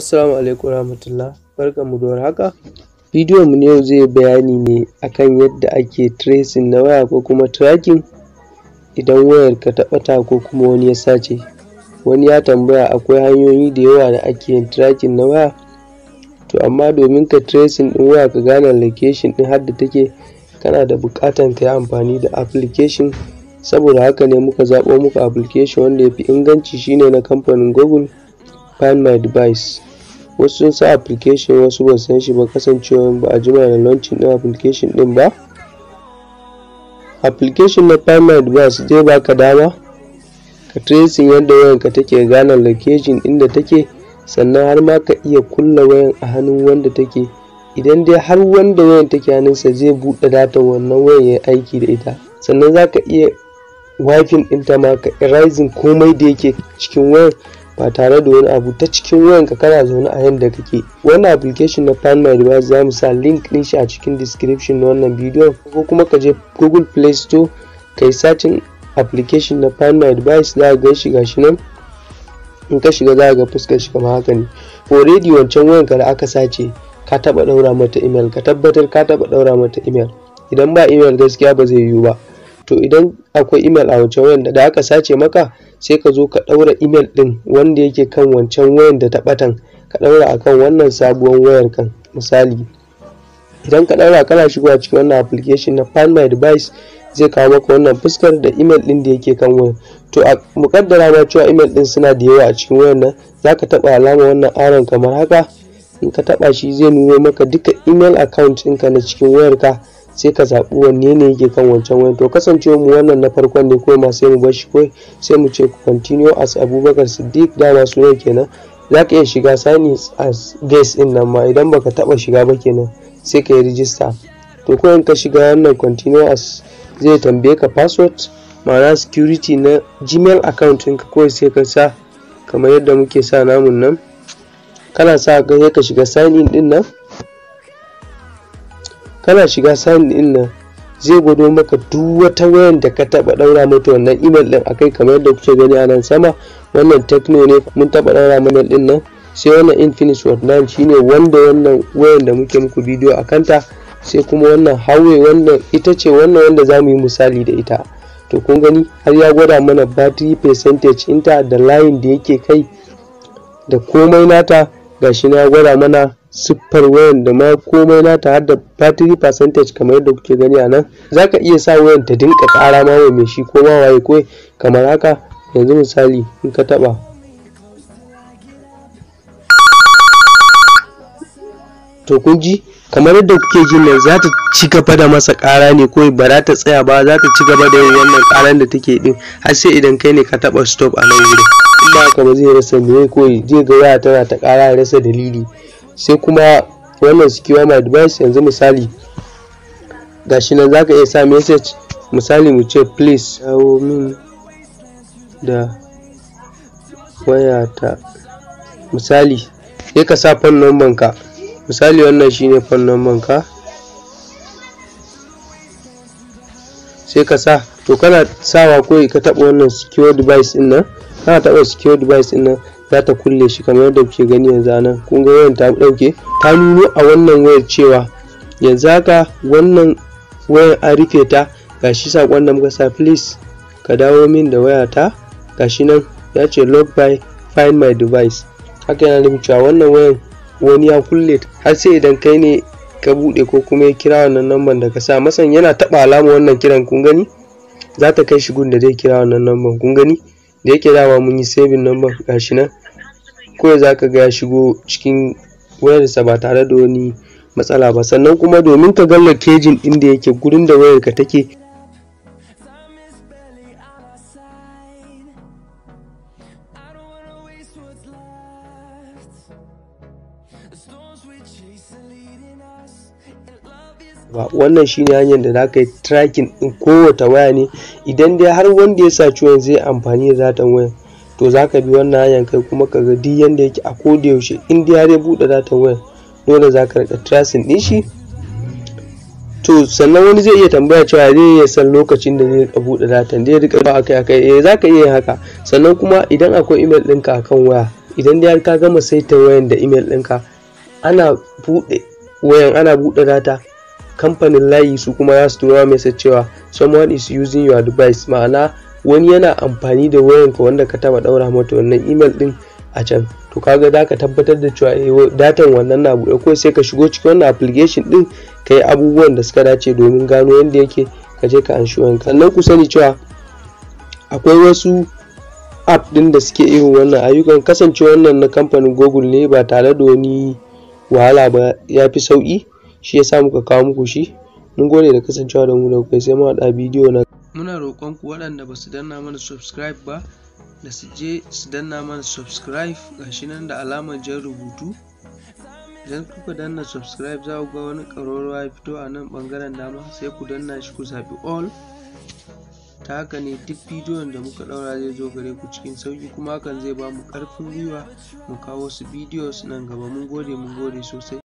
Assalamu alaikum warahmatullah mu da haka. bidiyon mu yau zai bayani ne akan yadda ake tracing na waya ko kuma tracking idan wayar ka ta bata ko kuma wani ya sace wani ya tambaya akwai hanyoyi da yawa da ake yin tracking na waya to amma domin ka tracing din waya ka gane location din har da take kana da buƙatan ka amfani da application saboda haka ne muka zaɓo muka application wanda ya fi inganci shine na kamfanin google find my device wasu sun sa application wasu ba san shi ba kasancewa ba a jima da launching din application din ba application na primary advice zai baka dama ka tracing yadda wayanka take gane location inda take sannan har ma ka iya kulla wayan a hannun wanda take idan dai har wanda wayan take hannunsa zai buɗe data wannan wayan ya aiki da ita sannan za ka iya wifin ɗinta ma ka rising komai da yake cikin wayan ba tare da wani abu ta cikin ka kana zaune a yanda kake wannan application na find my device za mu sa link din shi a cikin description na wannan bidiyon ko kuma ka je google play store ka yi searching application na find my device za ka ga shi gashi nan in ka shiga za ka ga fuskar shi kamar haka ne radio wancan ka da aka sace ka taba daura mata email ka tabbatar ka taba daura mata email idan ba email gaskiya ba zai yiwu ba to idan akwai email a wancan wayan da aka sace maka sai ka zo ka ɗaura email ɗin wanda yake kan wancan wayan da ta batan ka ɗaura akan wannan sabuwar wayar kan misali idan ka ɗaura kana shigowa cikin wannan application na find my device zai kawo maka wannan fuskar da email ɗin da yake kan wayan to a mukaddara ma cewa email ɗin suna da yawa a cikin wayan nan zaka taɓa alama wannan aron kamar haka in ka taɓa shi zai nuno maka duka email account ɗinka na cikin wayar ka. sai ka zaɓi wanne ne yake kan wancan wani to kasancewa mu wannan na farkon ne kawai ma sai mu bar shi ko sai mu ce continue as abubakar siddiq dama sunan kenan za ka iya shiga sani as guest din nan ma idan baka taba shiga ba kenan sai ka yi rijista to in ka shiga wannan continue as zai tambaye ka password ma'ana security na gmail account ɗinka ko sai ka sa kamar yadda muke sa namun nan kana sa ka ka shiga sign in nan kana shiga sani in nan zai gwado maka duk wata wayan da ka taba daura mata wannan email din akai kamar yadda kuke gani a nan sama wannan techno ne mun taba daura mana din nan sai wannan infinix word 9 shine wanda wannan wayan da muke muku bidiyo a kanta sai kuma wannan hawe wannan ita ce wannan wanda za mu yi misali da ita to kun gani har ya gwada mana battery percentage inta da layin da yake kai da komai nata gashi na ya gwada mana siffar wayan da ma komai nata ta da battery percentage kamar yadda kuke gani a nan za ka iya sa wayan ta dinka kara ma mai shi ko ma waye kawai kamar haka yanzu misali in ka taɓa to kun ji kamar yadda kuke jin nan za ta ci gaba da masa kara ne ko ba za ta tsaya ba za ta ci gaba da yin wannan ƙaran da take din har sai idan kai ne ka taba stop a nan wurin in ba haka ba zai rasa me ko zai ga waya tana ta kara rasa dalili sai kuma wannan secure my device yanzu misali shi nan zaka iya sa message misali mu ce please dawo min da wayata misali sai ka sa phone number ka misali wannan shine phone number ka sai ka sa to kana sawa ko ka taɓa wannan secure device din nan kana taɓa secure device din nan za ta kulle shi kamar yadda kuke gani yanzu nan kun ga wayan ta dauke ta nuno a wannan wayar cewa yanzu haka wannan wayan an rufe ta gashi sakon da muka sa please ka dawo min da wayata gashi nan ya ce log by find my device haka yana nufin cewa wannan wayan wani ya kulle har sai idan kai ne ka bude ko kuma ya kira wannan namban da ka sa masan yana taba alama wannan kiran kun gani za ta kai shi gun da zai kira wannan namban kun gani da yake dama mun yi saving number gashi nan ko za ka ga shigo cikin wayarsa ba tare da wani matsala ba sannan kuma domin ka galla kejin din da yake gurin da wayarka take storms we chase are ba wannan shine hanyar da zaka yi tracking din kowace waya ne idan dai har wanda ya saci wayan zai amfani da datan wayan to zaka bi wannan hanyar kai kuma ka ga duk yanda yake a koda yaushe in dai har ya bude datan wayan dole zaka rika tracing din shi to sannan wani zai iya tambaya cewa zai iya san lokacin da zai buɗe datan zai rika ba akai akai eh zaka iya haka sannan kuma idan akwai email ɗinka akan waya idan dai har ka gama saita wayan da email ɗinka ana buɗe wayan ana buɗe data kamfanin layi su kuma za su mai sa cewa someone is using your device ma'ana wani yana amfani da wayanka wanda ka taba daura mata wannan email din a can to kaga za ka tabbatar da cewa eh, datan wannan na buɗe ko sai ka shigo cikin wannan application din ka yi abubuwan da suka dace domin gano yadda yake ka je ka anshi wayanka sannan ku sani cewa akwai wasu app din da suke irin wannan ayyukan kasance wannan na kamfanin google ne ba tare da wani wahala ba ya fi sauki shi ya sa muka kawo muku shi mun gode da kasancewa da mu da kai sai mu haɗa bidiyo na muna roƙon ku waɗanda ba su danna mana subscribe ba da su je su danna mana subscribe gashi nan da alamar jan rubutu idan kuka danna subscribe za ku ga wani ƙararrawa ya fito a nan ɓangaren dama sai ku danna shi ku zaɓi all ta haka ne duk bidiyon da muka ɗaura zai zo gare ku cikin sauki kuma hakan zai ba mu ƙarfin gwiwa mu kawo su bidiyo nan gaba mun gode mun gode sosai